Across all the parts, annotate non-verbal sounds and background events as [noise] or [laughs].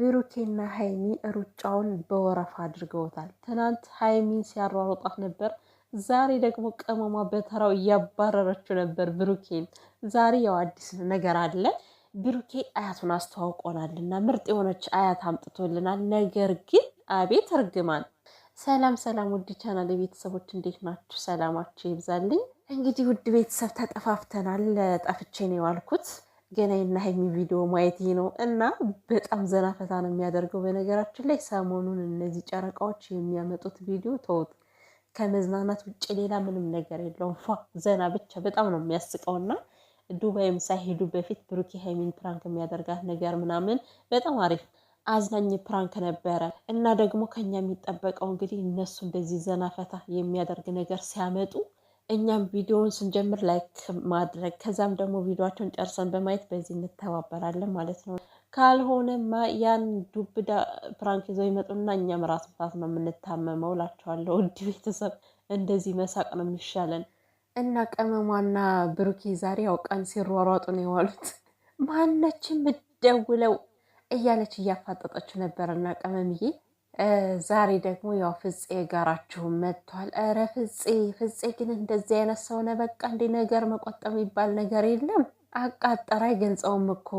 ብሩኬና ሀይሚ ሩጫውን በወረፋ አድርገውታል። ትናንት ሀይሚን ሲያሯሮጣት ነበር። ዛሬ ደግሞ ቅመሟ በተራው እያባረረችው ነበር ብሩኬን። ዛሬ ያው አዲስ ነገር አለ። ብሩኬ አያቱን አስተዋውቆናልና ምርጥ የሆነች አያት አምጥቶልናል። ነገር ግን አቤት እርግማን። ሰላም ሰላም፣ ውድ ቻናል የቤተሰቦች እንዴት ናችሁ? ሰላማችሁ ይብዛልኝ። እንግዲህ ውድ ቤተሰብ ተጠፋፍተናል። ጠፍቼ ነው የዋልኩት ገና ይና ቪዲዮ ማየት ነው እና በጣም ዘናፈታ ነው የሚያደርገው። በነገራችን ላይ ሰሞኑን እነዚህ ጨረቃዎች የሚያመጡት ቪዲዮ ተውት፣ ከመዝናናት ውጭ ሌላ ምንም ነገር የለውም። ፏ ዘና ብቻ በጣም ነው የሚያስቀው። እና ዱባይም ሳይሄዱ በፊት ብሩኪ ሀይሚን ፕራንክ የሚያደርጋት ነገር ምናምን በጣም አሪፍ አዝናኝ ፕራንክ ነበረ። እና ደግሞ ከኛ የሚጠበቀው እንግዲህ እነሱ እንደዚህ ዘናፈታ የሚያደርግ ነገር ሲያመጡ እኛም ቪዲዮውን ስንጀምር ላይክ ማድረግ ከዛም ደግሞ ቪዲዮቸውን ጨርሰን በማየት በዚህ እንተባበራለን ማለት ነው። ካልሆነማ ያን ዱብዳ ፕራንክ ይዘው ይመጡና እኛም ራስ ምታት ነው የምንታመመው። ላቸዋለሁ ውድ ቤተሰብ፣ እንደዚህ መሳቅ ነው የሚሻለን። እና ቀመሟና ብሩኬ ዛሬ ያው ቀን ሲሯሯጡ ነው የዋሉት። ማነች ደውለው እያለች እያፋጠጠችው ነበረና ቀመምዬ ዛሬ ደግሞ ያው ፍፄ ጋራችሁ መጥቷል። ኧረ ፍፄ ፍፄ ግን እንደዚህ አይነት ሰው ነው። በቃ እንደ ነገር መቆጠብ የሚባል ነገር የለም። አቃጠራይ አይገልጸውም እኮ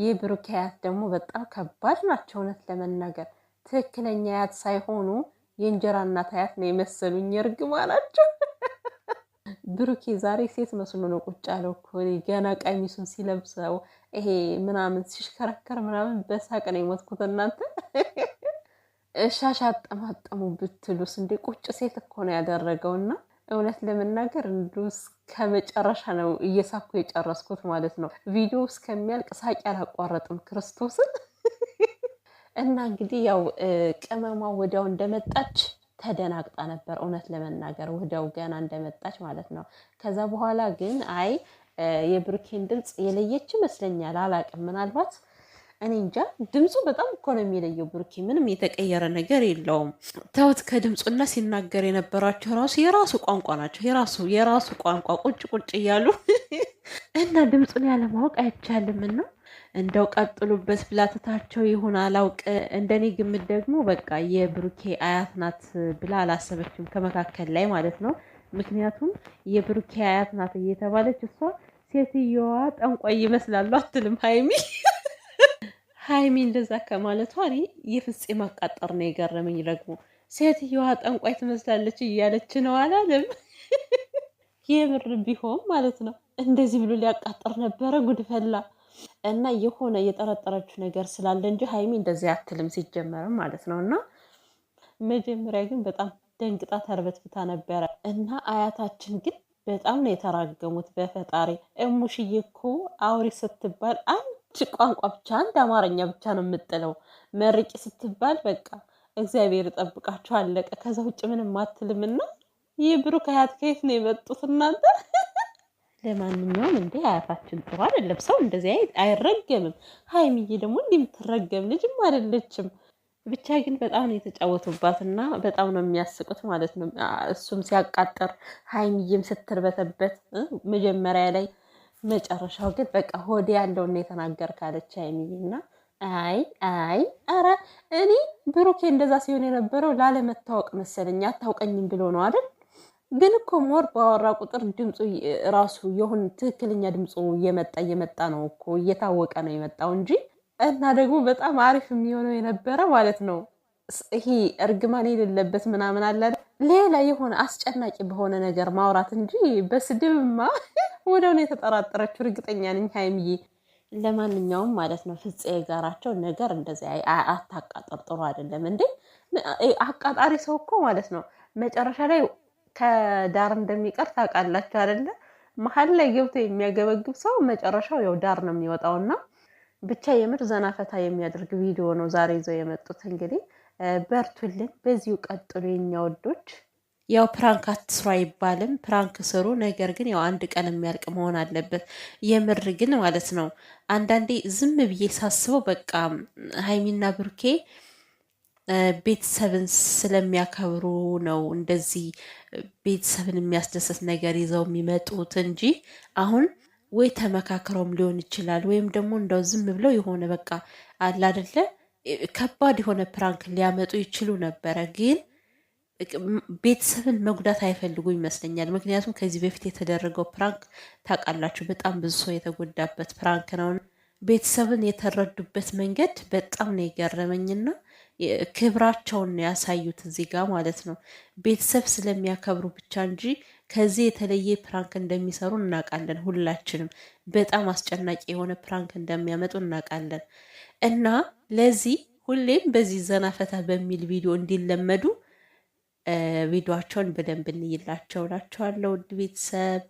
ይህ ብሩክ አያት ደግሞ በጣም ከባድ ናቸው። እውነት ለመናገር ትክክለኛ አያት ሳይሆኑ የእንጀራ እናት አያት ነው የመሰሉኝ። እርግማ ናቸው። [laughs] ብሩኬ ዛሬ ሴት መስሎ ነው ቁጭ ያለው እኮ ገና ቀሚሱን ሲለብሰው ይሄ ምናምን ሲሽከረከር ምናምን በሳቅ ነው የሞትኩት እናንተ [laughs] እሻሽ አጠማጠሙ ብትሉስ እንደ ቁጭ ሴት እኮ ነው ያደረገውና እውነት ለመናገር እንዱ እስከ መጨረሻ ነው እየሳኩ የጨረስኩት ማለት ነው። ቪዲዮ እስከሚያልቅ ሳቂ አላቋረጥም ክርስቶስን [laughs] እና እንግዲህ ያው ቅመሟ ወዲያው እንደመጣች ተደናግጣ ነበር፣ እውነት ለመናገር ወዲያው ገና እንደመጣች ማለት ነው። ከዛ በኋላ ግን አይ የብሩኬን ድምፅ የለየች ይመስለኛል፣ አላቅም ምናልባት እኔ እንጃ ድምፁ በጣም እኮ ነው የሚለየው። ብሩኬ ምንም የተቀየረ ነገር የለውም። ተውት ከድምፁና ሲናገር የነበራቸው ራሱ የራሱ ቋንቋ ናቸው። የራሱ የራሱ ቋንቋ ቁጭ ቁጭ እያሉ [laughs] እና ድምፁን ያለማወቅ አይቻልም። ና እንደው ቀጥሉበት ብላተታቸው ይሁን አላውቅ። እንደኔ ግምት ደግሞ በቃ የብሩኬ አያት ናት ብላ አላሰበችም ከመካከል ላይ ማለት ነው። ምክንያቱም የብሩኬ አያት ናት እየተባለች እሷ ሴትየዋ ጠንቋይ ይመስላሉ አትልም ሀይሚ [laughs] ሀይሚ እንደዛ ከማለቷ እኔ የፍፄ ማቃጠር ነው የገረመኝ። ደግሞ ሴትየዋ ጠንቋይ ትመስላለች እያለች ነው አላለም? [laughs] የምር ቢሆን ማለት ነው እንደዚህ ብሎ ሊያቃጠር ነበረ ጉድፈላ እና የሆነ የጠረጠረችው ነገር ስላለ እንጂ ሀይሚ እንደዚህ አትልም ሲጀመርም ማለት ነው። እና መጀመሪያ ግን በጣም ደንግጣ ተርበትብታ ነበረ እና አያታችን ግን በጣም ነው የተራገሙት በፈጣሪ እሙሽዬ እኮ አውሪ ስትባል አንድ እች ቋንቋ ብቻ አንድ አማርኛ ብቻ ነው የምጥለው። መርቂ ስትባል በቃ እግዚአብሔር ጠብቃቸው አለቀ። ከዛ ውጭ ምንም አትልምና ይህ ብሩክ አያት ከየት ነው የመጡት እናንተ? ለማንኛውም እንዴ አያታችን ጥሩ አይደለም። ሰው እንደዚህ አይረገምም። ሀይሚዬ ደግሞ እንዲህ የምትረገም ልጅም አይደለችም። ብቻ ግን በጣም ነው የተጫወቱባት እና በጣም ነው የሚያስቁት ማለት ነው። እሱም ሲያቃጠር ሀይሚዬም ስትርበተበት መጀመሪያ ላይ መጨረሻው ግን በቃ ሆዴ ያለውን የተናገርክ አለች ሀይሚዬና አይ አይ አረ እኔ ብሩኬ እንደዛ ሲሆን የነበረው ላለመታወቅ መሰለኝ አታውቀኝም ብሎ ነው አይደል? ግን እኮ ሞር ባወራ ቁጥር ድምፁ ራሱ የሆን ትክክለኛ ድምፁ እየመጣ እየመጣ ነው እኮ እየታወቀ ነው የመጣው እንጂ እና ደግሞ በጣም አሪፍ የሚሆነው የነበረ ማለት ነው ይሄ እርግማን የሌለበት ምናምን አለ ሌላ የሆነ አስጨናቂ በሆነ ነገር ማውራት እንጂ በስድብማ [laughs] ወደሆነ የተጠራጠረችው እርግጠኛ ነኝ ሀይምዬ። ለማንኛውም ማለት ነው ፍፄ የጋራቸው ነገር እንደዚያ አታቃጠር፣ ጥሩ አይደለም እንዴ። አቃጣሪ ሰው እኮ ማለት ነው መጨረሻ ላይ ከዳር እንደሚቀር ታውቃላችሁ አይደለ? መሀል ላይ ገብቶ የሚያገበግብ ሰው መጨረሻው ያው ዳር ነው የሚወጣውና ብቻ የምር ዘናፈታ የሚያደርግ ቪዲዮ ነው ዛሬ ይዘው የመጡት እንግዲህ በርቱልን፣ በዚሁ ቀጥሉ የኛ ወዶች። ያው ፕራንክ አትስሩ አይባልም፣ ፕራንክ ስሩ። ነገር ግን ያው አንድ ቀን የሚያልቅ መሆን አለበት። የምር ግን ማለት ነው አንዳንዴ ዝም ብዬ ሳስበው በቃ ሀይሚና ብሩኬ ቤተሰብን ስለሚያከብሩ ነው እንደዚህ ቤተሰብን የሚያስደስት ነገር ይዘው የሚመጡት እንጂ አሁን ወይ ተመካክረውም ሊሆን ይችላል ወይም ደግሞ እንደው ዝም ብለው የሆነ በቃ አለ ከባድ የሆነ ፕራንክ ሊያመጡ ይችሉ ነበረ ግን ቤተሰብን መጉዳት አይፈልጉ ይመስለኛል። ምክንያቱም ከዚህ በፊት የተደረገው ፕራንክ ታውቃላችሁ፣ በጣም ብዙ ሰው የተጎዳበት ፕራንክ ነው። ቤተሰብን የተረዱበት መንገድ በጣም ነው የገረመኝና ክብራቸውን ነው ያሳዩት እዚህ ጋር ማለት ነው። ቤተሰብ ስለሚያከብሩ ብቻ እንጂ ከዚህ የተለየ ፕራንክ እንደሚሰሩ እናውቃለን። ሁላችንም በጣም አስጨናቂ የሆነ ፕራንክ እንደሚያመጡ እናውቃለን። እና ለዚህ ሁሌም በዚህ ዘናፈታ በሚል ቪዲዮ እንዲለመዱ ቪዲዮቸውን በደንብ እንይላቸው ላቸዋለሁ። ውድ ቤተሰብ